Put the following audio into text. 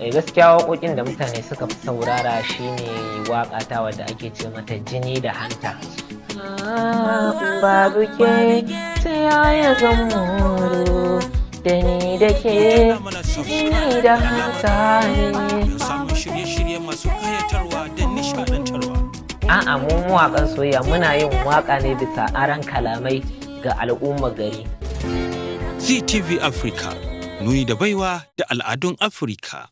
Eh, gaskiya waƙoƙin da mutane suka fi saurara shine waƙa ta wadda ake ce mata jini da hanta babu ke ta yaya zan da ni da ke jini da hanta ne mawaƙan soyayya muna yin waƙa ne bisa aran kalamai ga al'umma gari CTV Africa nuni da baiwa da al'adun Afirka.